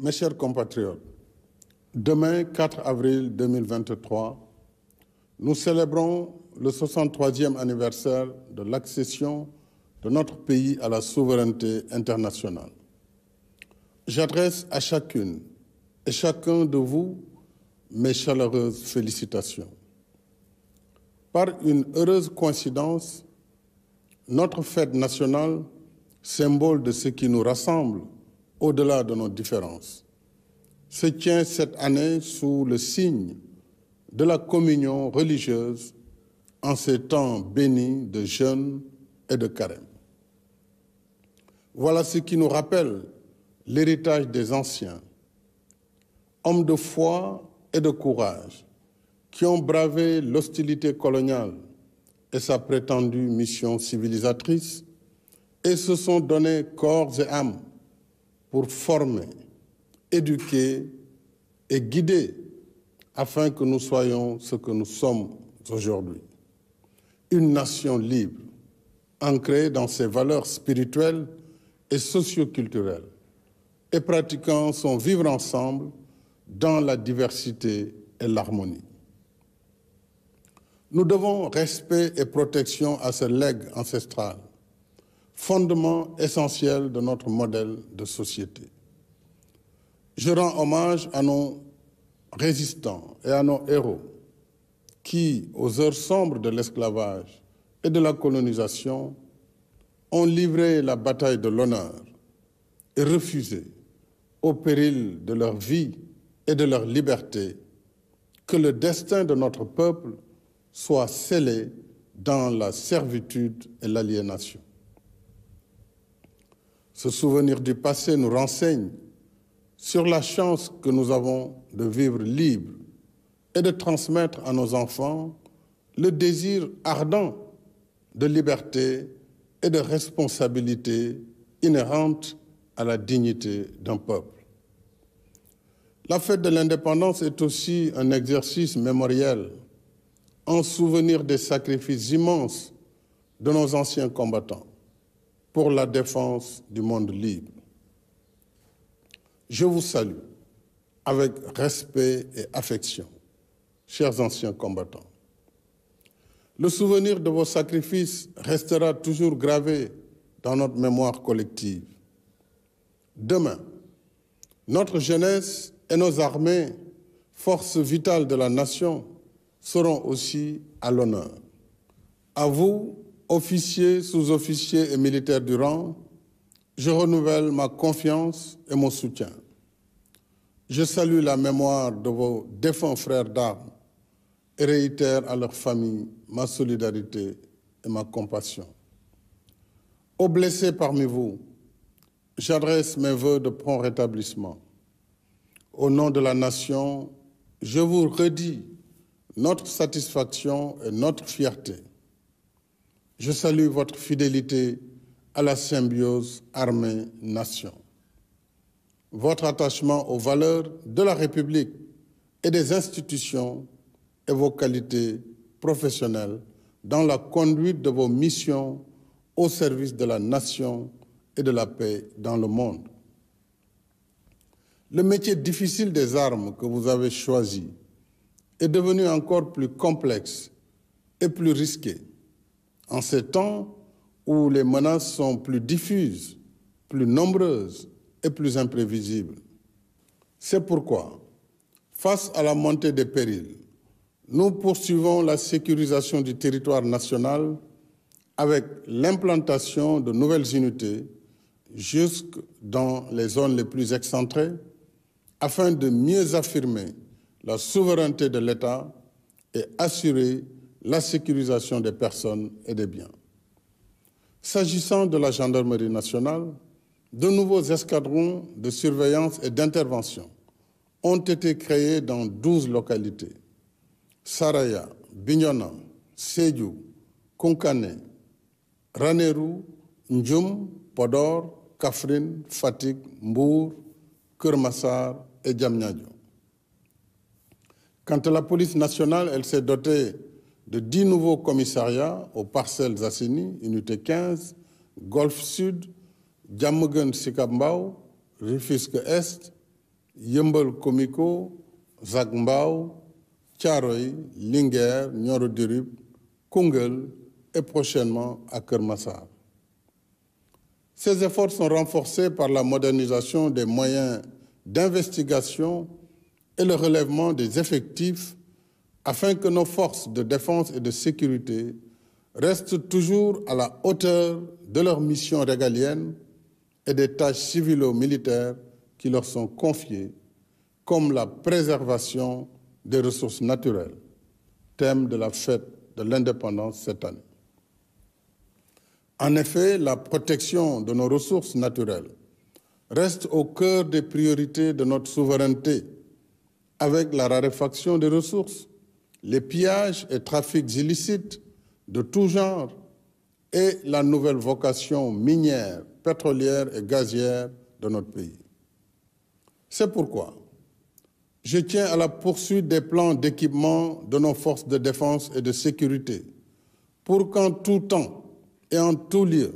Mes chers compatriotes, demain 4 avril 2023, nous célébrons le 63e anniversaire de l'accession de notre pays à la souveraineté internationale. J'adresse à chacune et chacun de vous mes chaleureuses félicitations. Par une heureuse coïncidence, notre fête nationale, symbole de ce qui nous rassemble au-delà de nos différences, se tient cette année sous le signe de la communion religieuse en ces temps bénis de jeûne et de carême. Voilà ce qui nous rappelle l'héritage des anciens, hommes de foi et de courage, qui ont bravé l'hostilité coloniale et sa prétendue mission civilisatrice et se sont donnés corps et âme pour former, éduquer et guider afin que nous soyons ce que nous sommes aujourd'hui. Une nation libre, ancrée dans ses valeurs spirituelles et socioculturelles et pratiquant son vivre ensemble dans la diversité et l'harmonie. Nous devons respect et protection à ce legs ancestral fondement essentiel de notre modèle de société. Je rends hommage à nos résistants et à nos héros qui, aux heures sombres de l'esclavage et de la colonisation, ont livré la bataille de l'honneur et refusé, au péril de leur vie et de leur liberté, que le destin de notre peuple soit scellé dans la servitude et l'aliénation. Ce souvenir du passé nous renseigne sur la chance que nous avons de vivre libre et de transmettre à nos enfants le désir ardent de liberté et de responsabilité inhérente à la dignité d'un peuple. La fête de l'indépendance est aussi un exercice mémoriel, un souvenir des sacrifices immenses de nos anciens combattants pour la défense du monde libre. Je vous salue avec respect et affection, chers anciens combattants. Le souvenir de vos sacrifices restera toujours gravé dans notre mémoire collective. Demain, notre jeunesse et nos armées, forces vitale de la nation, seront aussi à l'honneur. À vous officiers, sous-officiers et militaires du rang, je renouvelle ma confiance et mon soutien. Je salue la mémoire de vos défunts frères d'armes et réitère à leur famille ma solidarité et ma compassion. Aux blessés parmi vous, j'adresse mes voeux de prompt rétablissement. Au nom de la nation, je vous redis notre satisfaction et notre fierté je salue votre fidélité à la symbiose armée-nation. Votre attachement aux valeurs de la République et des institutions et vos qualités professionnelles dans la conduite de vos missions au service de la nation et de la paix dans le monde. Le métier difficile des armes que vous avez choisi est devenu encore plus complexe et plus risqué en ces temps où les menaces sont plus diffuses, plus nombreuses et plus imprévisibles. C'est pourquoi, face à la montée des périls, nous poursuivons la sécurisation du territoire national avec l'implantation de nouvelles unités jusque dans les zones les plus excentrées afin de mieux affirmer la souveraineté de l'État et assurer la sécurisation des personnes et des biens. S'agissant de la gendarmerie nationale, de nouveaux escadrons de surveillance et d'intervention ont été créés dans 12 localités. Saraya, Bignona, Seyou, Konkane, Ranerou, Njum, Podor, Kafrine, Fatik, Mbour, Kurmassar et Jamnajou. Quant à la police nationale, elle s'est dotée de dix nouveaux commissariats aux parcelles Zassini, Unité 15, Golfe Sud, Djamogun Sikambao, Rifisque Est, Yembol Komiko, Zagmbao, Tcharoy, Linger, Nyorudirup, Kungel et prochainement à Kermassar. Ces efforts sont renforcés par la modernisation des moyens d'investigation et le relèvement des effectifs afin que nos forces de défense et de sécurité restent toujours à la hauteur de leurs missions régaliennes et des tâches civilo-militaires qui leur sont confiées, comme la préservation des ressources naturelles, thème de la fête de l'indépendance cette année. En effet, la protection de nos ressources naturelles reste au cœur des priorités de notre souveraineté, avec la raréfaction des ressources les pillages et trafics illicites de tout genre et la nouvelle vocation minière, pétrolière et gazière de notre pays. C'est pourquoi je tiens à la poursuite des plans d'équipement de nos forces de défense et de sécurité pour qu'en tout temps et en tout lieu,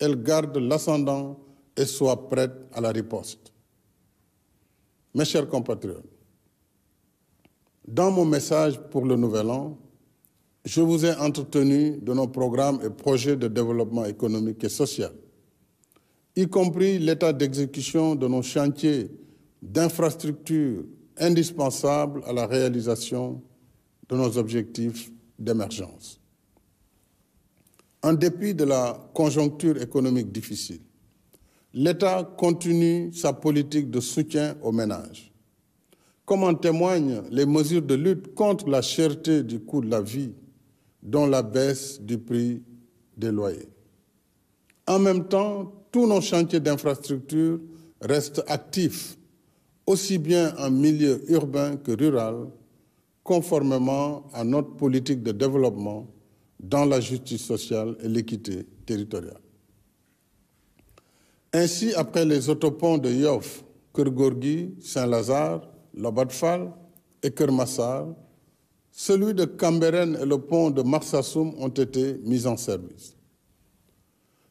elles gardent l'ascendant et soient prêtes à la riposte. Mes chers compatriotes, dans mon message pour le Nouvel An, je vous ai entretenu de nos programmes et projets de développement économique et social, y compris l'état d'exécution de nos chantiers d'infrastructures indispensables à la réalisation de nos objectifs d'émergence. En dépit de la conjoncture économique difficile, l'État continue sa politique de soutien aux ménages comme en témoignent les mesures de lutte contre la cherté du coût de la vie, dont la baisse du prix des loyers. En même temps, tous nos chantiers d'infrastructures restent actifs, aussi bien en milieu urbain que rural, conformément à notre politique de développement dans la justice sociale et l'équité territoriale. Ainsi, après les autoponts de Yoff, Kurgorgi, Saint-Lazare, Lobadfal et Kermassar, celui de Camberen et le pont de Marsassoum ont été mis en service.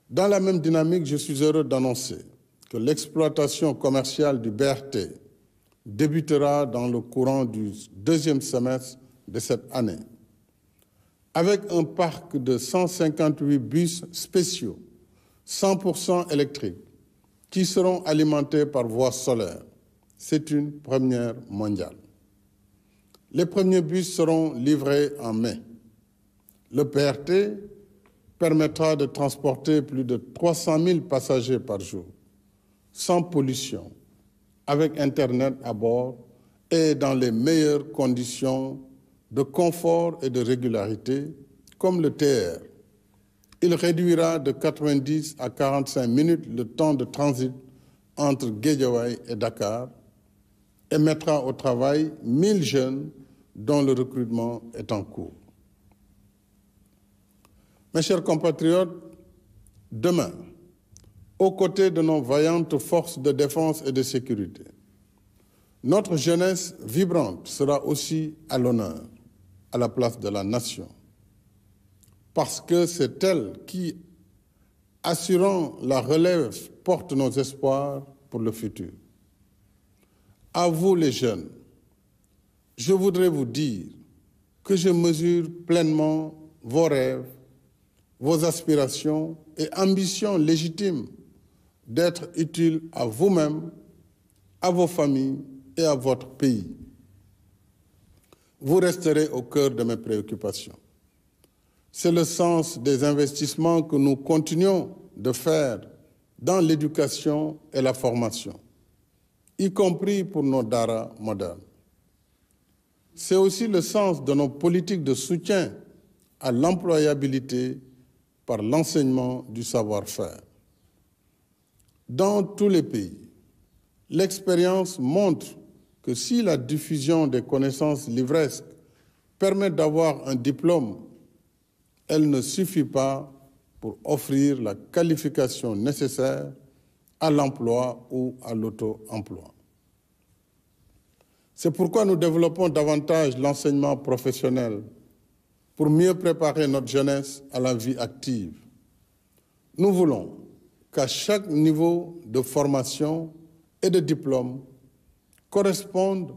Dans la même dynamique, je suis heureux d'annoncer que l'exploitation commerciale du BRT débutera dans le courant du deuxième semestre de cette année, avec un parc de 158 bus spéciaux 100% électriques qui seront alimentés par voie solaire c'est une première mondiale. Les premiers bus seront livrés en mai. Le PRT permettra de transporter plus de 300 000 passagers par jour, sans pollution, avec Internet à bord et dans les meilleures conditions de confort et de régularité, comme le TR. Il réduira de 90 à 45 minutes le temps de transit entre Guédiawaye et Dakar et mettra au travail 1000 jeunes dont le recrutement est en cours. Mes chers compatriotes, demain, aux côtés de nos vaillantes forces de défense et de sécurité, notre jeunesse vibrante sera aussi à l'honneur, à la place de la nation, parce que c'est elle qui, assurant la relève, porte nos espoirs pour le futur. À vous les jeunes, je voudrais vous dire que je mesure pleinement vos rêves, vos aspirations et ambitions légitimes d'être utile à vous-même, à vos familles et à votre pays. Vous resterez au cœur de mes préoccupations. C'est le sens des investissements que nous continuons de faire dans l'éducation et la formation y compris pour nos dara modernes. C'est aussi le sens de nos politiques de soutien à l'employabilité par l'enseignement du savoir-faire. Dans tous les pays, l'expérience montre que si la diffusion des connaissances livresques permet d'avoir un diplôme, elle ne suffit pas pour offrir la qualification nécessaire à l'emploi ou à l'auto-emploi. C'est pourquoi nous développons davantage l'enseignement professionnel pour mieux préparer notre jeunesse à la vie active. Nous voulons qu'à chaque niveau de formation et de diplôme corresponde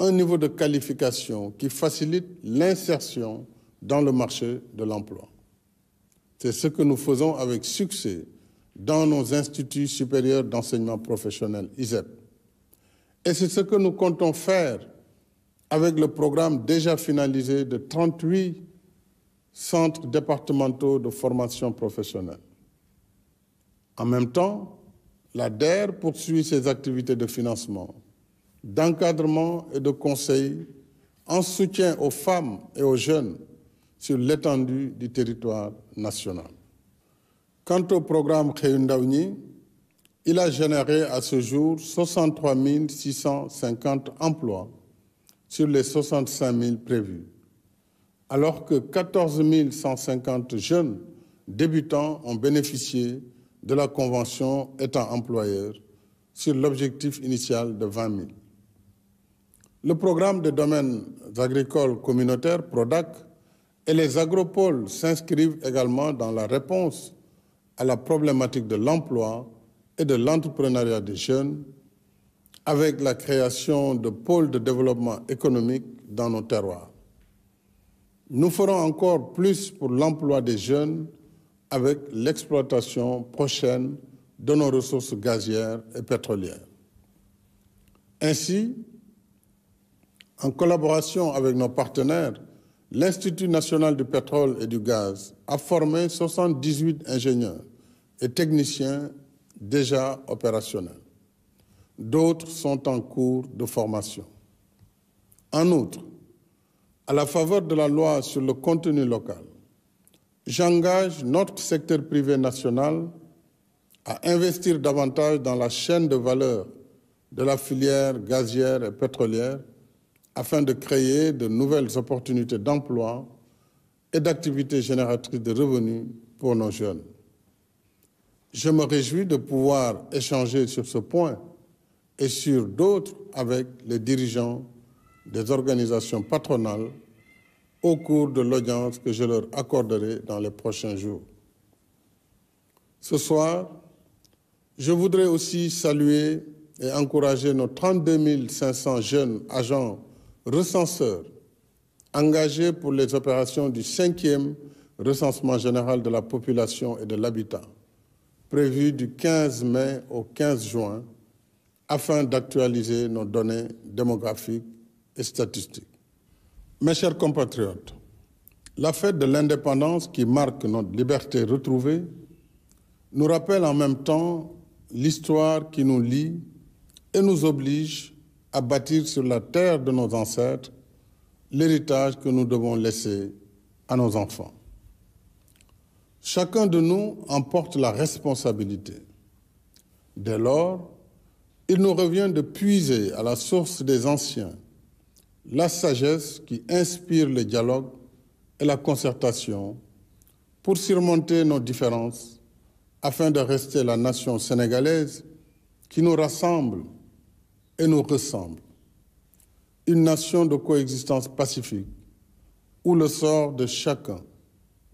un niveau de qualification qui facilite l'insertion dans le marché de l'emploi. C'est ce que nous faisons avec succès dans nos instituts supérieurs d'enseignement professionnel, ISEP. Et c'est ce que nous comptons faire avec le programme déjà finalisé de 38 centres départementaux de formation professionnelle. En même temps, la DER poursuit ses activités de financement, d'encadrement et de conseil en soutien aux femmes et aux jeunes sur l'étendue du territoire national. Quant au programme Créer il a généré à ce jour 63 650 emplois sur les 65 000 prévus, alors que 14 150 jeunes débutants ont bénéficié de la convention étant employeur sur l'objectif initial de 20 000. Le programme de domaines agricoles communautaires, PRODAC, et les agropoles s'inscrivent également dans la réponse à la problématique de l'emploi et de l'entrepreneuriat des jeunes avec la création de pôles de développement économique dans nos terroirs. Nous ferons encore plus pour l'emploi des jeunes avec l'exploitation prochaine de nos ressources gazières et pétrolières. Ainsi, en collaboration avec nos partenaires l'Institut national du pétrole et du gaz a formé 78 ingénieurs et techniciens déjà opérationnels. D'autres sont en cours de formation. En outre, à la faveur de la loi sur le contenu local, j'engage notre secteur privé national à investir davantage dans la chaîne de valeur de la filière gazière et pétrolière afin de créer de nouvelles opportunités d'emploi et d'activités génératrices de revenus pour nos jeunes. Je me réjouis de pouvoir échanger sur ce point et sur d'autres avec les dirigeants des organisations patronales au cours de l'audience que je leur accorderai dans les prochains jours. Ce soir, je voudrais aussi saluer et encourager nos 32 500 jeunes agents recenseur engagé pour les opérations du cinquième recensement général de la population et de l'habitat, prévu du 15 mai au 15 juin, afin d'actualiser nos données démographiques et statistiques. Mes chers compatriotes, la fête de l'indépendance qui marque notre liberté retrouvée nous rappelle en même temps l'histoire qui nous lie et nous oblige à bâtir sur la terre de nos ancêtres l'héritage que nous devons laisser à nos enfants. Chacun de nous en porte la responsabilité. Dès lors, il nous revient de puiser à la source des anciens la sagesse qui inspire le dialogue et la concertation pour surmonter nos différences afin de rester la nation sénégalaise qui nous rassemble et nous ressemble. Une nation de coexistence pacifique où le sort de chacun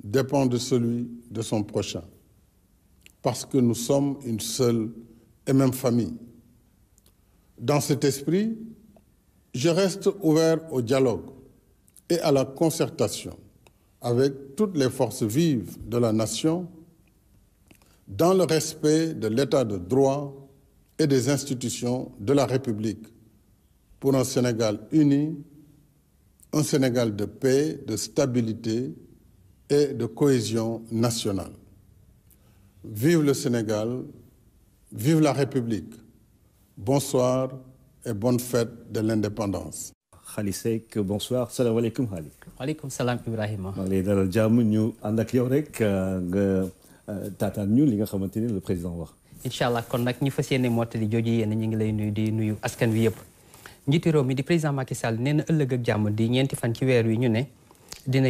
dépend de celui de son prochain. Parce que nous sommes une seule et même famille. Dans cet esprit, je reste ouvert au dialogue et à la concertation avec toutes les forces vives de la nation dans le respect de l'état de droit et des institutions de la République pour un Sénégal uni, un Sénégal de paix, de stabilité et de cohésion nationale. Vive le Sénégal, vive la République. Bonsoir et bonne fête de l'indépendance. Khali Seck bonsoir salaamaaleykum Khali. waaleykum salaam Ibrahima. maa ngi lay dalal jàmm ñu ànd tata yow rek euh, nga euh, li nga xamante le président war. incha allah kon nag ñi fas yéene mottali jooju yéen ñu ngi lay nuyu di nuyu askan wi yëpp. njiitu réew mi di président Macky Sall nee ëllëg ak jàmm di ñeenti fan ci weer wi ñu ne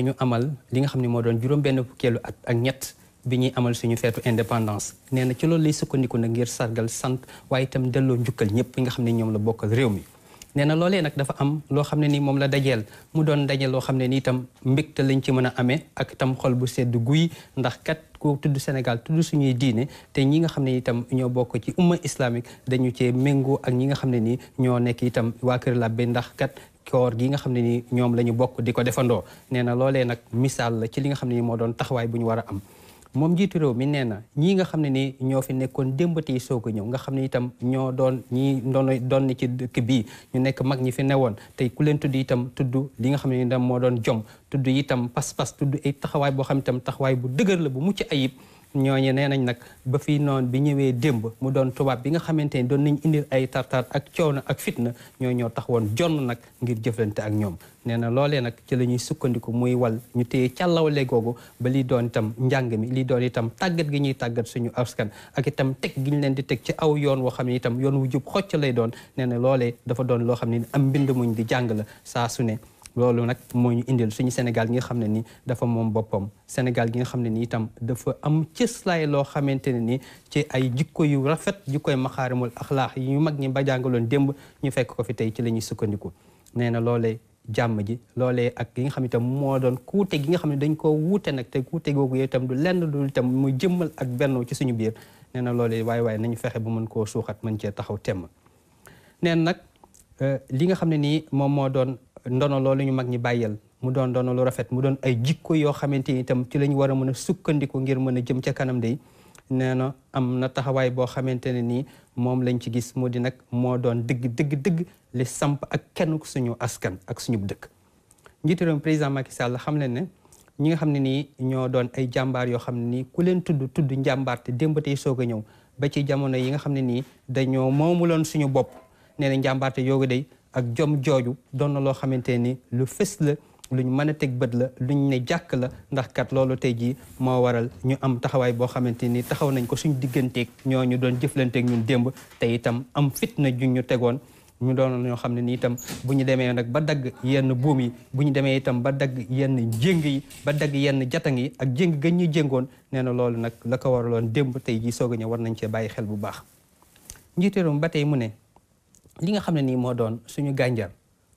ñu amal li nga xam ne moo doon juróom-benn fukkeelu at ak ñett bi ñuy amal suñu feetu indépendance. nee na ci loolu lay sukkandiku nag ngir sargal sant waaye itam delloo njukkal ñëpp ñi nga xam ne ñoom la bokkal réew mi. nee na loolee nag dafa am loo xam ne ni moom la dajeel mu doon daje loo xam ne ni itam mbégte lañ ci mën a amee ak tam xol bu sedd guy ndax kat ku tudd Sénégal tudd suñuy diine te ñi nga xam ne itam ñoo bokk ci umma islamique dañu cee méngoo ak ñi nga xam ne ni ñoo nekk itam waa Kër Labbe ndax kat. koor gi nga xam ne ni ñoom la ñu bokk di ko defandoo nee na loolee nag misaal la ci li nga xam ne ni moo doon taxawaay bu ñu war a am moom njiitu réew mi nee na ñii nga xam ne ni ñoo fi nekkoon démbati yi soog ñëw nga xam ne itam ñoo doon ñi doon doon ni ci dëkk bii ñu nekk mag ñi fi newoon tey ku leen tudd itam tudd li nga xam ne ni moo doon jom tudd itam pas-pas tudd ay taxawaay boo xam itam taxawaay bu dëgër la bu mucc ayib ñooñu nee nañ nag ba fii noon bi ñëwee démb mu doon tubaab bi nga xamante ni doon nañ indi ay tartar ak na ak fitna ñoo ñoo tax woon jonn nag ngir jëflante ak ñoom nee na loolee nag ci la ñuy sukkandiku muy wal ñu téye càllawle googu ba lii doon itam njàng mi lii doon itam tàggat gi ñuy tàggat suñu askan ak itam teg gi ñu leen di teg ci aw yoon woo xam ne itam yoon wu jub xocc lay doon nee na loolee dafa doon loo xam ni am mbind muñ di jàng la saa su ne loolu nag moo ñu indil suñu Sénégal gi nga xam ne ni dafa moom boppam Sénégal gi nga xam ne ni itam dafa am cëslaay loo xamante ne ni ci ay jikko yu rafet jikkoy maxaarimul axlaax yu mag ñi ba jàngaloon démb ñu fekk ko fi tey ci la ñuy sukkandiku nee na loolee jàmm ji loolee ak yi nga xam ne itam moo doon kuute gi nga xam ne dañ koo wuute nag te kuute googu yow tam du lenn dul tam mu jëmmal ak benn ci suñu biir nee na loolee waaye waaye nañu fexe ba mën koo suuxat mën cee taxaw temm nee nag euh, li nga xam ne nii moom moo doon ndono loolu ñu mag ñi bàyyeel mu doon ndono lu rafet mu doon ay jikko yoo xamante ni itam ci la ñu war a mën a sukkandiku ngir mën a jëm ca kanam day nee na am na taxawaay boo xamante ne nii moom lañ ci gis mu di nag moo doon dëgg dëgg dëgg li samp ak kenn suñu askan ak suñu dëkk. njiitu président Macky Sall xam leen ne ñi nga xam ne nii ñoo doon ay jàmbaar yoo xam ne nii ku leen tudd tudd njàmbaar te démb tey soog a ñëw ba ci jamono yi nga xam ne nii dañoo moomuloon suñu bopp nee na njàmbaar te yoogu day ak jom jooju doon na loo xamante ni lu fës la luñ mën a teg bët la luñ ne jàkk la ndax kat loolu tey jii moo waral ñu am taxawaay boo xamante ni taxaw nañ ko suñ digganteeg ñu doon jëflanteeg ñun démb tey itam am fitna ju ñu tegoon ñu doon ñoo xam ne ni itam bu ñu demee nag ba dagg yenn buum yi bu ñu demee itam ba dagg yenn jéng yi ba dagg yenn jatang yi ak jéng gën ñu jéngoon nee na loolu nag la ko waraloon démb tey jii soog a ñëw war nañ cee bàyyi xel bu baax njiiteeram mu ne li nga xam ne nii moo doon suñu gànjar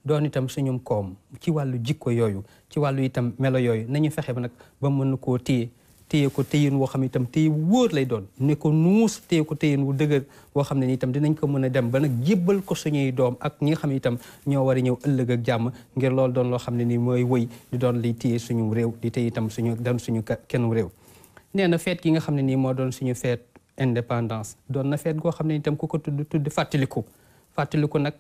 doon itam suñu koom ci wàllu jikko yooyu ci wàllu itam melo yooyu nañu fexe ba nag ba mën koo téye téye ko téyin woo xam ne itam téye wóor lay doon ne ko nuus téye ko téyin wu dëgër woo xam ne ni itam dinañ ko mën a dem ba nag jébbal ko suñuy doom ak ñi nga xam itam ñoo war a ñëw ëllëg ak jàmm ngir loolu doon loo xam ne nii mooy wëy di doon li téye suñu réew di téye itam suñu dem suñu kenn réew nee na feet gi nga xam ne nii moo doon suñu feet indépendance doon na feet goo xam ne itam ku ko tudd tudd fàttaliku fàttaliku nag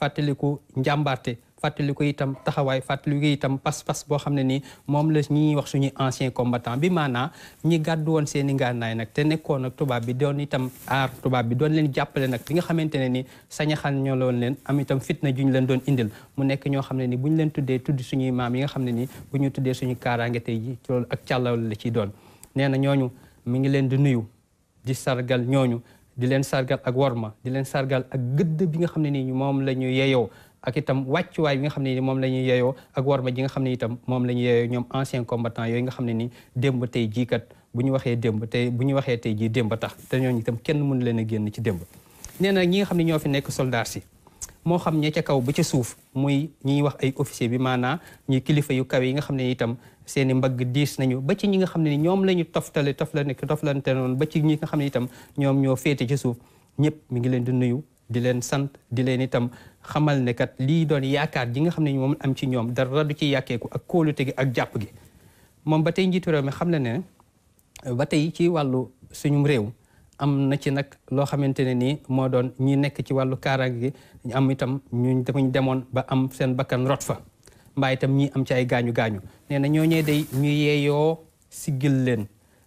fàttaliku njàmbaarte fàttaliku itam taxawaay fàttaliku itam pas-pas boo xam ne nii moom la ñuy wax suñuy ancien combattant bi maanaam ñi gàdd woon seen i ngànnaay nag te nekkoon nag tubaab bi doon itam aar tubaab bi doon leen jàppale nag bi nga xamante ne ni sañaxan ñoo loon leen am itam fitna juñ leen doon indil mu nekk ñoo xam ne ni bu ñu leen tuddee tudd suñuy maam yi nga xam ne ni bu ñu tuddee suñu kaaraange tey ji loolu ak càllawal la ciy doon nee na ñooñu mi ngi leen di nuyu di sargal ñooñu di leen sargal ak worma di leen sargal ak gëdd bi nga xam ne nii moom la ñu yeyoo ak itam wàccuwaay bi nga xam ne ni moom la ñuy yeyoo ak worma ji nga xam ne itam moom la ñu yeyoo ñoom ancien combattant yooyu nga xam ne ni démb tey jiikat kat bu ñu waxee démb tey bu ñu waxee tey jii démb tax te ñooñu itam kenn mënu leen a génn ci démb nee na ñi nga xam ne ñoo fi nekk soldat si moo xam ña ca kaw ba ca suuf muy ñuy wax ay officier bi maanaa ñuy kilifa yu kaw yi nga xam ne itam seen i mbagg diis nañu ba ci ñi nga xam ne ni ñoom la ñu toftale toflanekk toflante noonu ba ci ñi nga xam ne itam ñoom ñoo féete ci suuf ñëpp mu ngi leen di nuyu di leen sant di leen itam xamal ne kat lii doon yaakaar ji nga xam ne moom am ci ñoom dara du ci yàkkeeku ak kóolute gi ak jàpp gi moom ba tey njiitu réew mi xam na ne ba tey ci wàllu suñu réew am na ci nag loo xamante ne nii moo doon ñi nekk ci wàllu kaaraange gi ñu am itam ñu demuñ demoon ba am seen bakkan root fa mbaa itam ñi am ci ay gaañu gaañu nee na ñooñee day ñu yeeyoo siggil leen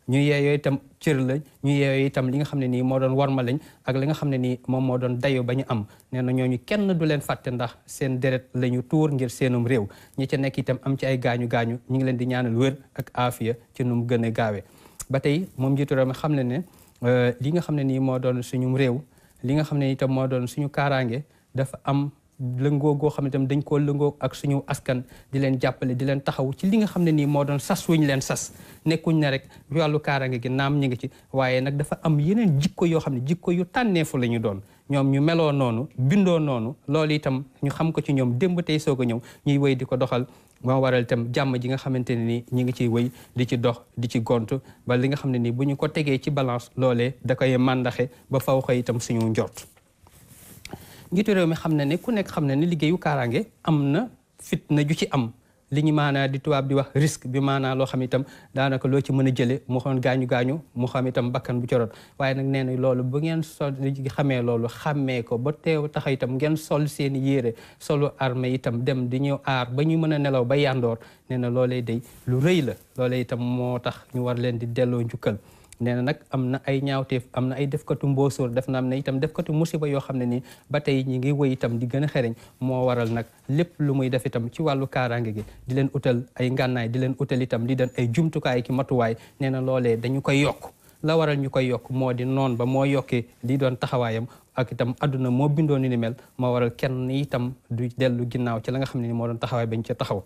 ñu yeeyoo itam cër la ñu yeeyoo itam li nga xam ne nii moo doon warma lañ ak li nga xam ne nii moom moo doon dayoo ba ñu am nee na ñu kenn du leen fàtte ndax seen deret lañu ñu tuur ngir seenum réew ñi ca nekk itam am ci ay gaañu gaañu ñu ngi leen di ñaanal wér ak aafiya ci nu mu gën a gaawe ba tey moom jiitu réew xam ne ne euh, li nga xam ne nii moo doon suñu réew li nga xam ne itam moo doon suñu kaaraange dafa am lëngoo goo xam ne tam dañ koo lëngoo ak suñu askan di leen jàppale di leen taxaw ci li nga xam ne nii moo doon sas wuñ leen sas nekkuñ ne rek wàllu kaaraange gi naam ñu ngi ci waaye nag dafa am yeneen jikko yoo xam ne jikko yu tànneefu la ñu doon ñoom ñu meloo noonu bindoo noonu loolu itam ñu xam ko ci ñoom démb tey soog a ñëw ñuy wéy di ko doxal moo waral itam jàmm ji nga xamante ne nii ñi ngi ciy wéy di ci dox di ci gont ba li nga xam ne nii bu ñu ko tegee ci balance loolee da koy màndaxe ba faw xëy itam suñu njort njiitu réew mi xam na ne ku nekk xam na ni liggéeyu kaaraange am na fitna ju ci am li ñu maanaa di tubaab di wax risque bi maanaa loo xam itam daanaka loo ci mën a jëlee mu xoon gaañu gaañu mu xam itam bakkan bu corot waaye nag nee na loolu ba ngeen sol xamee loolu xàmmee ko ba teew tax itam ngeen sol seen yére solu arme itam dem di ñëw aar ba ñu mën a nelaw ba yandoor nee na loolee day lu rëy la loolee itam moo tax ñu war leen di delloo njukkal nee na nag am na ay ñaawtee am na ay defkatu mboosóor def na am na itam defkatu musiba yoo xam ne ni ba tey ñi ngi woy itam di gën a xereñ moo waral nag lépp lu muy def itam ci wàllu kaaraange gi di leen utal ay ngànnaay di leen utal itam di leen ay jumtukaay ki matuwaay nee na loolee dañu koy yokk la waral ñu koy yokk moo di noon ba moo yokkee di doon taxawaayam ak itam àdduna moo bindoon ni mel moo waral kenn itam du dellu ginnaaw ci la nga xam ne ni moo doon taxawaay bañ ca taxaw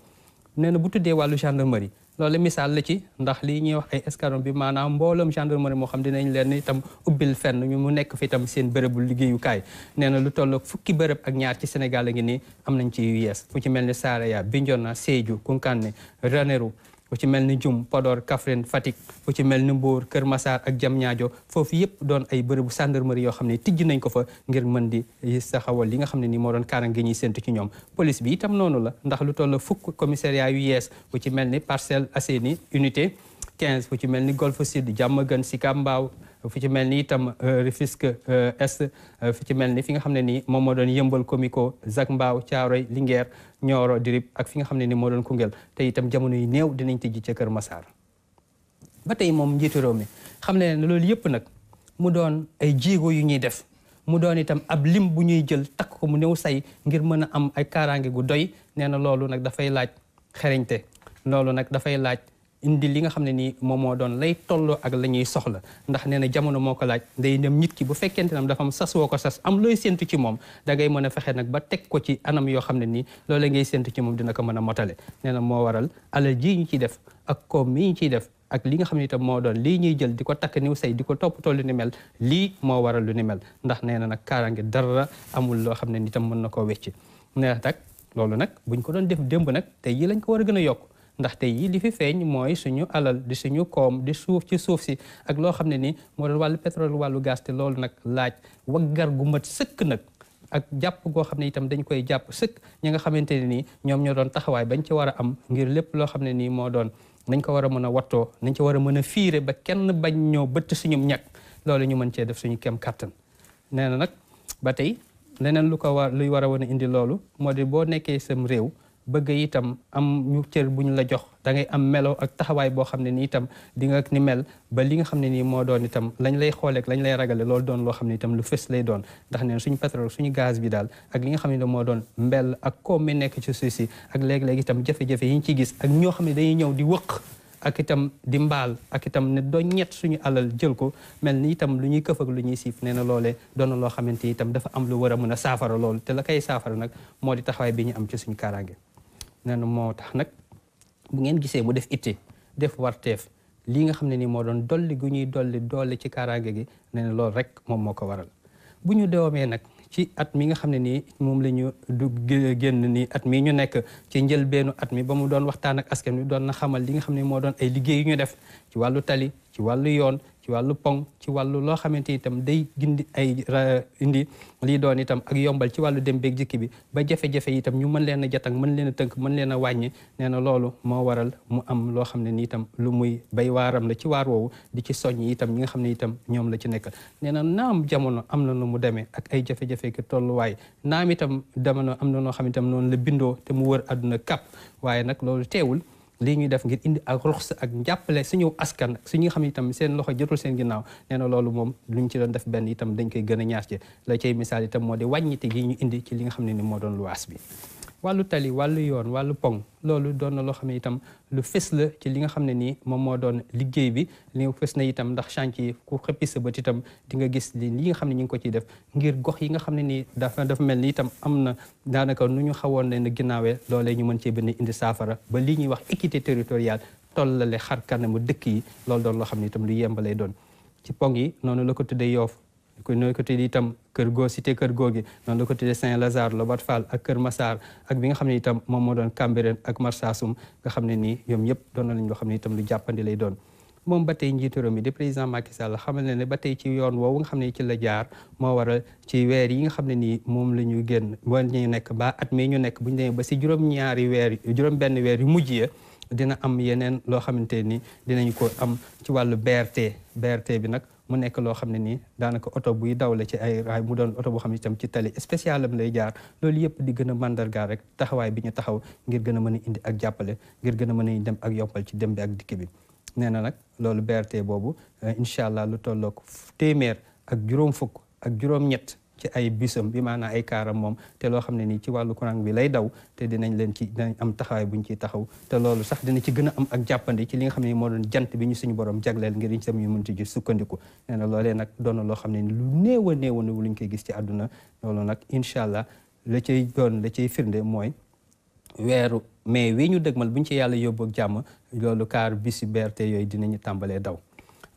nee na bu tuddee wàllu gendarmerie loolu misaal la ci ndax lii ñuy wax ay escadron bi maanaam mbooloom gendarmerie moo xam dinañ leen itam ubbil fenn ñu mu nekk fi itam seen bërëbu liggéeyukaay nee na lu toll fukki bërëb ak ñaar ci Sénégal a ngi nii am nañ ci yu yees fu ci mel ni Saraya Bignona Sédhiou Koungheul Ranérou bu ci mel ni Jum, Podor, Kafrin, Fatik, bu ci mel ni Mbour, Kër Massar ak Jam Niadio, foofu yëpp doon ay bërëbu gendarmerie yoo xam ne nañ ko fa ngir mën di eh, saxawal li nga xam ni moo doon karange ñuy sent ci ñoom. Police bi itam noonu la ndax lu toll fukk commissariat yu yees bu ci mel ni parcelle unité. 15 fu ci mel ni Golf Sud Diamaguène Sicap Mbao fu ci mel ni itam euh, Rufisque euh, Est euh, fu ci mel ni fi nga xam ne nii moom moo doon yëmbal Comico Zac Mbao Thiaroye Linguère Nioro Dirib ak fi nga xam ne ni moo doon Koungheul te itam jamono yi néew dinañ tijji ca Kër Massar ba tey moom njiitu réew mi xam ne ne loolu yëpp nag mu doon ay jigo yu ñuy def mu doon itam ab lim bu ñuy jël takk ko mu néew say ngir mën a am ay kaaraange gu doy nee na loolu nag dafay laaj xereñte loolu nag dafay laaj indi li nga xam ne nii moom moo doon lay tolloo ak la ñuy soxla ndax nee na jamono moo ko laaj day dem nit ki bu fekkente nam dafa am sas woo ko sas am looy séntu ci moom da ngay mën a fexe nag ba teg ko ci anam yoo xam ne nii loola ngay séntu ci moom dina ko mën a motale nee moo waral alal ji ñu ciy def ak koom mi ñu ciy def ak li nga xam ne itam moo doon lii ñuy jël di takk niw say di ko toppatoo lu ni lii moo waral lu ni mel ndax nee na nag kaaraange dara amul loo xam ne itam mën na koo wecc nee na nag loolu nag buñ ko doon def démb nag te yi lañ ko war a gën a yokk ndaxte yi li fi feeñ mooy suñu alal di suñu koom di suuf ci suuf si ak loo xam ne nii moo doon wàllu pétrole wàllu gaz te loolu nag laaj waggar gu mat sëkk nag ak jàpp goo xam ne itam dañ koy jàpp sëkk ñi nga xamante ne nii ñoom ñoo doon taxawaay bañ ci war a am ngir lépp loo xam ne nii moo doon nañ ko war a mën a wattoo nañ ci war a mën a fiire ba kenn bañ ñoo bëtt suñum ñàkk loolu ñu mën cee def suñu kem kàttan nee na nag ba tey leneen lu ko war luy war a wan a indi loolu moo di boo nekkee sam réew bëgg itam am ñu cër bu ñu la jox da ngay am melo ak taxawaay boo xam ne ni itam di nga ni mel ba li nga xam ne nii moo doon itam lañ lay xooleek lañ lay ragale loolu doon loo xam ne itam lu fës lay doon ndax neen suñu pétrole suñu gaz bi daal ak li nga xam ne moo doon mbel ak koom mi nekk ci si ak léeg-léeg itam jafe yi ñu ci gis ak ñoo xam ne dañuy ñëw di wëq ak itam di mbaal ak itam ne doo ñett suñu alal jël ko mel ni itam lu ñuy këf lu ñuy siif nee na loolee doon loo xamante itam dafa am lu war a mën a saafara loolu te la kay saafara nag moo di taxawaay bi ñu am ci suñu kaaraange nee na moo tax nag bu ngeen gisee mu def itte def warteef lii nga xam ne nii moo doon dolli gu ñuy dolli doole ci kaaraange gi nee na loolu rek moom moo ko waral bu ñu doomee nag ci at mi nga xam ne nii moom la ñu du génn nii at mii ñu nekk ci njëlbeenu at mi ba mu doon waxtaan ak askan wi doon na xamal li nga xam ne moo doon ay liggéey yu ñu def ci wàllu tali ci wàllu yoon ci wàllu pont ci wàllu loo xamante itam day gindi ay indi lii doon itam ak yombal ci wàllu dem beeg jikki bi ba jafe-jafe itam ñu mën leen a jatang mën leen a tënk mën leen a wàññi nee na loolu moo waral mu am loo xam ne ni itam lu muy bay waaram la ci waar woowu di ci soññ itam ñi nga xam ne itam ñoom la ci nekkal nee na naam jamono am na nu mu demee ak ay jafe-jafe ki tolluwaay naam itam jamono am na noo xam ne noonu la bindoo te mu wër àdduna kàpp waaye nag loolu teewul lii ñuy def ngir indi ak ruxsa ak njàppale suñu askan su ñi xam ne itam seen loxo jotul seen ginnaaw nee loolu moom luñ ci doon def benn itam dañ koy gën a ñaar ci la cay misaal itam moo di wàññite gi ñu indi ci li nga xam ne ni moo doon luwaas bi wàllu tali wàllu yoon wàllu pont loolu doon na loo xam ne itam lu fës la ci li nga xam ne nii moom moo doon liggéey bi li nga fës na itam ndax chantier ku xëppi sa bët itam di nga gis li nga xam ne ñu ngi ko ci def ngir gox yi nga xam ne nii dafa dafa mel ni itam am na daanaka nu ñu xawoon ne na ginnaawee loolee ñu mën cee benn indi saafara ba lii ñuy wax équité territoriale tollale xar mu dëkk yi loolu doon loo xam ne itam lu yemb lay doon ci pont yi noonu la ko tuddee yoof ñoo ko tuddee itam kër goo cité kër goo gi noonu la ko tuddee Saint-Lazare Lobat Fall ak Kër Massar ak bi nga xam ne itam moom moo doon Cambérène ak Marsassoum nga xam ne nii ñoom yëpp doon na lañ loo xam ne itam lu jàppandi lay doon moom ba tey njiitu mi di président Macky Sall xamal ne ba tey ci yoon woowu nga xam ne ci la jaar moo waral ci weer yi nga xam ne nii moom la ñu génn ba ñu nekk ba at mi ñu nekk bu ñu ba si juróom-ñaari weer juróom-benn weer yu mujj dina am yeneen loo xamante ni dinañ ko am ci wàllu berte BRT bi nag mu nekk loo xam ne nii daanaka oto buy daw la ci ay raay mu doon oto boo xam ne tam ci tali spécial am lay jaar loolu yëpp di gën a mandargaal rek taxawaay bi ñu taxaw ngir gën a mën a indi ak jàppale ngir gën a mën a dem ak yombal ci dem bi ak dikk bi nee na nag loolu BRT boobu eh, incha allah lu tollook téeméer ak juróom fukk ak juróom ñett ci ay busam bi maanaam ay kaaram moom te loo xam ne nii ci wàllu courant bi lay daw te dinañ leen ci dinañ am taxawaay buñ ciy taxaw te loolu sax dina ci gën a am ak jàppandi ci li nga xam ne ni moo doon jant bi ñu suñu borom jagleel ngir ñu sam ñu mën ci sukkandiku nee na loolee nag doon loo xam ne ni lu néew a néew lu ñu koy gis ci àdduna loolu nag incha allah la cay doon la cay firnde mooy weeru mais wi ñu dëgmal buñ ci yàlla yóbbu ak jàmm loolu kaar bisi beerte yooyu dinañu tàmbalee daw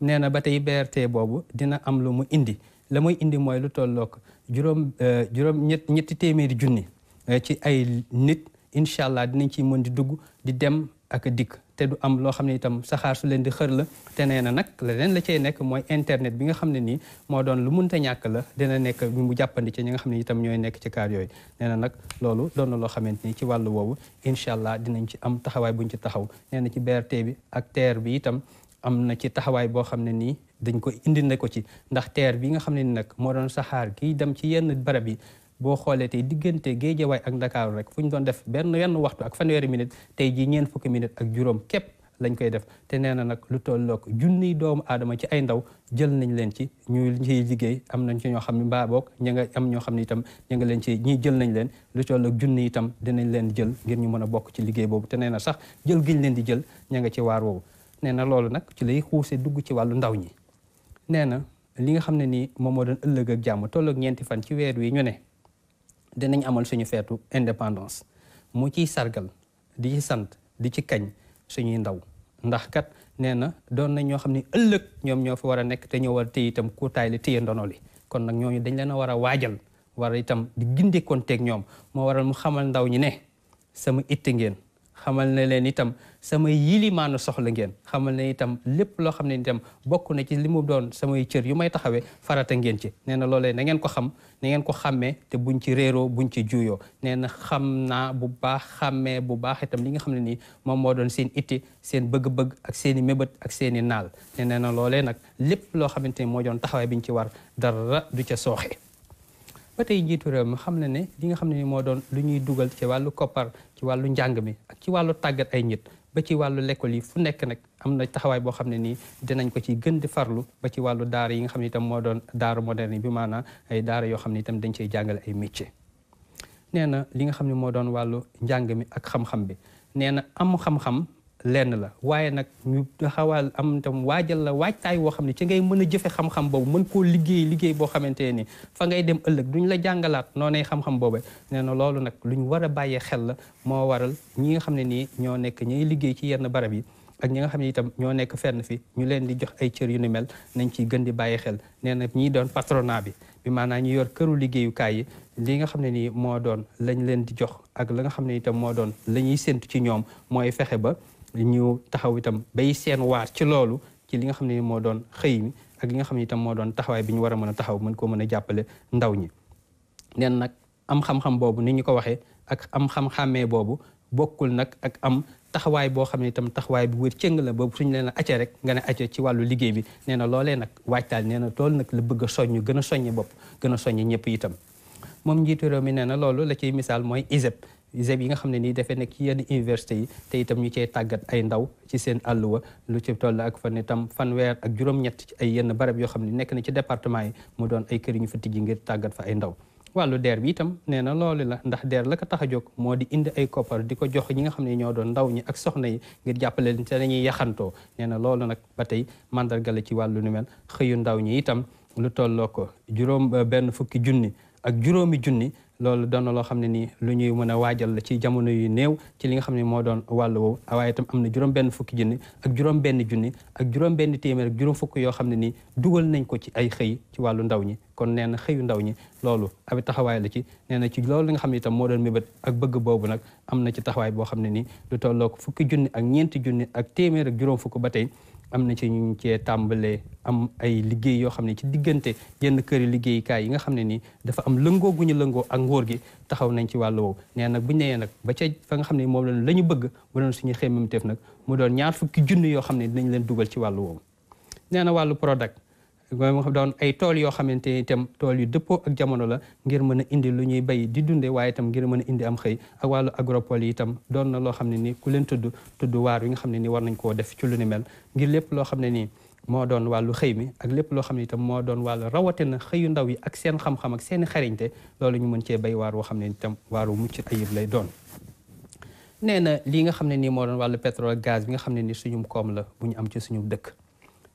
nee na ba tey BRT boobu dina am lu mu indi la muy indi mooy lu tollook juróom euh, juróom ñett ñetti téeméeri junni euh, ci ay nit incha allah dinañ ciy mën di dugg di dem ak dikk te du am loo xam ne itam saxaar su leen di xër la te nee na nag leneen la cay nekk mooy internet bi nga xam ne nii moo doon lu mënta ñàkk la dina nekk bi mu jàppandi ci ñi nga xam ne itam ñooy nekk ci kaar yooyu nee na nag loolu doon na loo xamante ni ci wàllu woowu incha allah dinañ ci am taxawaay buñ ci taxaw nee na ci BRT bi ak TER bi itam am na ci taxawaay boo xam ne nii dañ ko indi ne ko ci ndax teer bi nga xam ne ni nag moo doon saxaar kiy dem ci yenn barab yi boo xoolee tey diggante Géejawaay ak Ndakaaru rek fu ñu doon def benn yenn waxtu ak fanweeri minute tey jii ñeent fukki minute ak juróom képp lañ koy def te nee na nag lu tollook junniy doomu aadama ci ay ndaw jël nañ leen ci ñu ciy liggéey am nañ ci ñoo xam ne mbaa boog ña nga xam ne itam ña nga leen ci ñi jël nañ leen lu tollook junni itam dinañ leen jël ngir ñu mën a bokk ci liggéey boobu te nee na sax jël giñ leen di jël ña nga ci waar woowu nee na loolu nag ci lay xuuse dugg ci wàllu ndaw ñi nee na li nga xam ne nii moom moo doon ëllëg ak jàmm tolloog ñeenti fan ci weer wii ñu ne dinañ amal suñu feetu indépendance mu ciy sargal di ci sant di ci kañ suñuy ndaw ndax kat nee na doon nañ ñoo xam ne ëllëg ñoom ñoo fi war a nekk te ñoo war a itam kuutaay li téye ndono li kon nag ñooñu dañ leen a war a waajal war a itam di teeg ñoom moo waral mu xamal ndaw ñi ne sama itte ngeen xamal ne leen itam samay yilimaanu soxla ngeen xamal na itam lépp loo xam ne itam bokk na ci li mu doon samay cër yu may taxawee farata ngeen ci nee na loolee na ngeen ko xam na ngeen ko xàmmee te buñ ci réeroo buñ ci juuyoo nee na xam naa bu baax xàmmee bu baax itam li nga xam ne nii moom moo doon seen itti seen bëgg-bëgg ak seen i mébét ak seeni naal nee na loolee nag lépp loo xamante ni moo doon taxawee bi biñ ci war dara du ca sooxee ba tey njiitu réew mi xam na ne li nga xam ne ni moo doon lu ñuy dugal ci wàllu koppar ci wàllu njàng mi ak ci wàllu tàggat ay nit ba ci wàllu lekkool yi fu nekk nag am na taxawaay boo xam ne nii dinañ ko ci gën di farlu ba ci wàllu daara yi nga xam ne itam moo doon daaru moderne bi maanaa ay daara yoo xam ne itam dañ cey jàngale ay métier nee na li nga xam ne moo doon wàllu njàng mi ak xam-xam bi nee na am xam-xam lenn la waaye nag ñu xawal am tam waajal la waajtaay woo xam ne ci ngay mën a jëfe xam-xam boobu mën koo liggéey liggéey boo xamante ni fa ngay dem ëllëg duñ la jàngalaat noonee xam-xam nee na loolu nag lu ñu war a bàyyee xel la moo waral ñi nga xam ne nii ñoo nekk ñuy liggéey ci yenn barab yi ak ñi nga xam ne itam ñoo nekk fenn fi ñu leen di jox ay cër yu ni mel nañ ciy gën di bàyyi xel nee na ñiy doon patronat bi bi maanaam ñu yor këru liggéeyukaay yi li nga xam ne nii moo doon lañ leen di jox ak la nga xam ne itam moo doon la ñuy séntu ci ñoom mooy fexe ba ñu taxaw itam bay seen waar ci loolu ci li nga xam ne moo doon xëy mi ak li nga xam ne itam moo doon taxawaay bi ñu war a mën a taxaw mën koo mën a jàppale ndaw ñi nen nag am xam-xam boobu ni ñu ko waxee ak am xam-xàmmee boobu bokkul nag ak am taxawaay boo xam ne itam taxawaay bu wër cëng la boobu suñ leen a acce rek nga ne acce ci wàllu liggéey bi nee na loolee nag waajtaal nee na loolu nag la bëgga a soññ gën a soññ bopp gën a soññ ñëpp itam moom ZEB yi nga xam ne nii dafay nekk yenn université yi te itam ñu cey tàggat ay ndaw ci seen àlluwa lu ci toll ak fan itam fanweer ak juróom-ñett ci ay yenn barab yoo xam ne nekk na ci département yi mu doon ay kër yu ñu fa tijji ngir tàggat fa ay wàllu DER bi itam nee na loolu la ndax DER la ko tax a jóg moo di indi ay koppar di ko jox ñi nga xam ne ñoo doon ndaw ñi ak soxna yi ngir jàppale leen te nañuy yaxantoo nee na loolu nag ba tey mandarga ci wàllu nu mel xëyu ndaw ñi itam lu tolloo ko juróom benn fukki junni ak juróomi junni loolu doon na loo xam ne nii lu ñuy mëna waajal la ci jamono yu néew ci li nga xam ne moo doon wàll woowu waaye tam am na juróom-benn fukki junni ak juróom-benn junni ak juróom-benn téeméer juróom fukk yoo xam ne nii dugal nañ ko ci ay xëy ci wàllu ndaw ñi kon nee na xëyu ndaw ñi loolu ab taxawaay la ci nee na ci loolu li nga xam ne itam moo doon mébét ak bëgg boobu nag am na ci taxawaay boo xam ne nii du tolloo ko fukki junni ak ñeenti junni ak téeméer ak juróom fukk ba tey am na ci ñu cee tàmbalee am ay liggéey yoo xam ne ci diggante yenn këri liggéeykaay yi nga xam ne nii dafa am lëngoo gu ñu lëngoo ak ngóor gi taxaw nañ ci wàll woowu nee nag bu ñu nee nag ba ca fa nga xam ne moom la la ñu bëgg mu doon suñu xemmemteef nag mu doon ñaar fukki junn yoo xam ne dinañ leen dugal ci wàll woowu nee na wàllu product moo doon ay tool yoo xamante ni itam tool yu dëppoo ak jamono la ngir mën a indi lu ñuy bay di dunde waaye tam ngir mën a indi am xëy ak wàllu agropole yi itam doon na loo xam ne nii ku leen tudd tudd waar yi nga xam ne ni war nañ koo def ci lu ni lépp loo xam ne nii moo doon wàllu xëy mi ak lépp loo xam ne itam moo doon wàllu rawatina xëyu ndaw yi ak seen xam ak seen xariñte loolu ñu mën cee bay waar woo xam ne itam waaru mucc lay doon nee na lii nga xam ne nii moo doon wàllu pétrole gaz bi nga xam ne ni suñum koom la bu ñu am ci suñu dëkk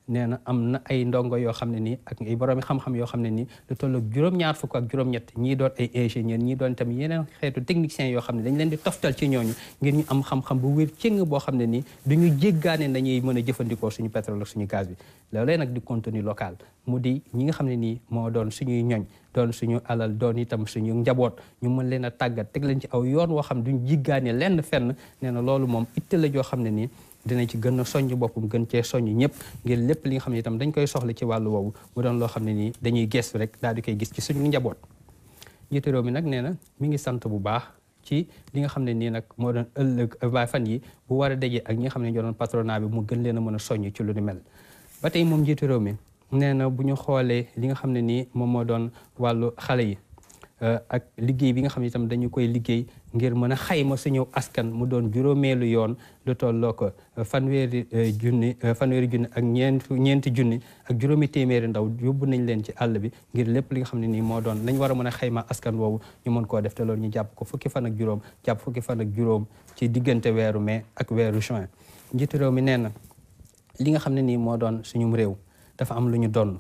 nee na am na ay ndongo yoo xam ne nii ak ay boroomi xam-xam yoo xam ne nii lu toll juróom-ñaar fukk ak juróom-ñett ñii doon ay ingénieur ñii doon itam yeneen xeetu technicien yoo xam ne dañ leen di toftal ci ñooñu ngir ñu am xam-xam bu wér cëng boo xam ne nii duñu jéggaane nañuy mën a jëfandikoo suñu pétrole suñu gaz bi loolee nag di contenu local mu di ñi xam ne nii moo doon suñuy ñoñ doon suñu alal doon itam suñu njaboot ñu mën leen a tàggat teg leen ci aw yoon woo xam duñ jéggaane lenn fenn nee na loolu moom itte la joo xam ne nii dina ci gën a soññ boppum gën cee soññ ñëpp ngir lépp li nga xam ne itam dañ koy soxla ci wàllu woowu mu doon loo xam ne nii dañuy gestu rek daal di koy gis ci suñu njaboot njiitu réew mi nag nee na mi ngi sant bu baax ci li nga xam ne nii nag moo doon ëllëg ba euh, fan yi bu war a dajee ak ñi nga xam ne ñoo doon patronat bi mu gën leen a mën a soññ ci lu ni mel ba moom njiitu réew mi nee na bu ñu xoolee li nga xam ne nii moom moo doon wàllu xale yi Euh, ak liggéey bi nga xam ne itam dañu koy liggéey ngir mën a xayma suñu askan mu doon juróomeelu yoon lu tolloo ko euh, fanweeri euh, junni fanweeri junni ak ñeent ñeenti junni ak juróomi téeméeri ndaw yóbbu nañ leen ci àll bi ngir lépp li nga xam ne nii moo doon nañ war a mën a xayma askan ñu mën koo def te ñu jàpp ko fukki fan ak juróom jàpp fukki fan ak juróom ci diggante weeru mai ak weeru juin njiitu réew mi nee na li nga xam ne nii moo doon suñum réew dafa am lu ñu doon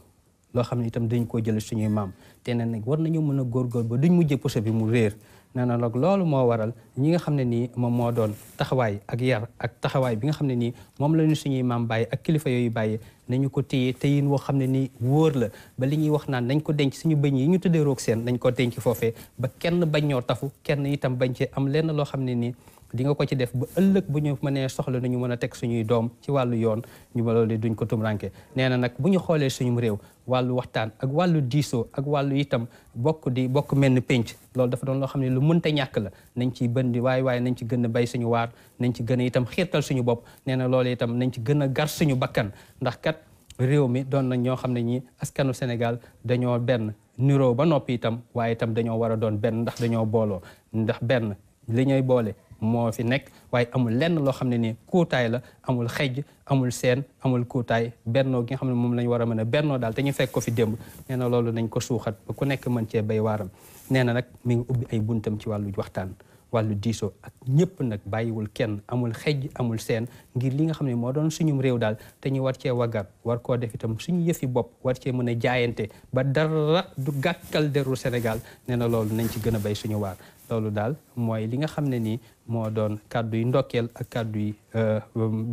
loo xam ne itam dañ koo jël suñuy maam te ne nag war nañoo mën a góorgóor ba duñ mujjee poso bi mu réer nee nag loolu moo waral ñi nga xam ne nii moom moo doon taxawaay ak yar ak taxawaay bi nga xam ne nii moom la ñu suñuy maam bàyyi ak kilifa yooyu bàyyi nañu ko téye téyin woo xam ne nii wóor la ba li ñuy wax naan nañ ko denc suñu bëñ yi ñu tuddee roog seen nañ ko denc foofee ba kenn bañ ñoo tafu kenn itam bañ ci am lenn loo xam ne nii di nga ko ci def ba ëllëg bu ñu mënee soxla ñu mën a teg suñuy doom ci wàllu yoon ñu ba loolu duñ ko tumranke nee na nag bu ñu xoolee suñu réew wàllu waxtaan ak wàllu diisoo ak wàllu itam bokk di bokk menn pénc loolu dafa doon loo xam ne lu mënta ñàkk la nañ ci bëndi waaye waaye nañ ci gën a bay suñu waar nañ ci gën itam xiirtal suñu bopp nee na loolu itam nañ ci gën a gar suñu bakkan ndax kat réew mi doon nañ ñoo xam ne ñi askanu Sénégal dañoo benn niroo ba noppi itam waaye itam dañoo war a doon benn ndax dañoo booloo ndax benn li ñuy boole moo fi nekk waaye amul lenn loo xam ne ni kuutaay la amul xejj amul seen amul kuutaay bennoo gi nga xam ne moom lañ war a mën a bennoo daal te ñu fi démb na loolu nañ ko suuxat ku nekk mën cee bay waaram nee na nag mi ngi ubbi ay buntam ci wàllu waxtaan wàllu diisoo ak ñëpp nag bàyyiwul kenn amul xejj amul seen ngir li nga xam ne moo doon suñum réew daal te ñu war cee waggar war koo def itam suñu yëfi bopp war cee mën a jaayante ba dara du gàkkal deru Sénégal nee na loolu nañ ci gën a bay suñu waar loolu daal mooy li nga xam ne nii moo doon kàddu yi ndokkeel ak kàddu yi euh,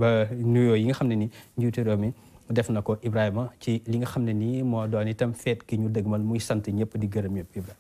ba nuyoo yi nga xam ne ni njiitu réew mi def na ko Ibrahima ci li nga xam ne nii moo doon itam feet ki ñu dëgmal muy sant ñëpp di gërëm ñëpp Ibrahima.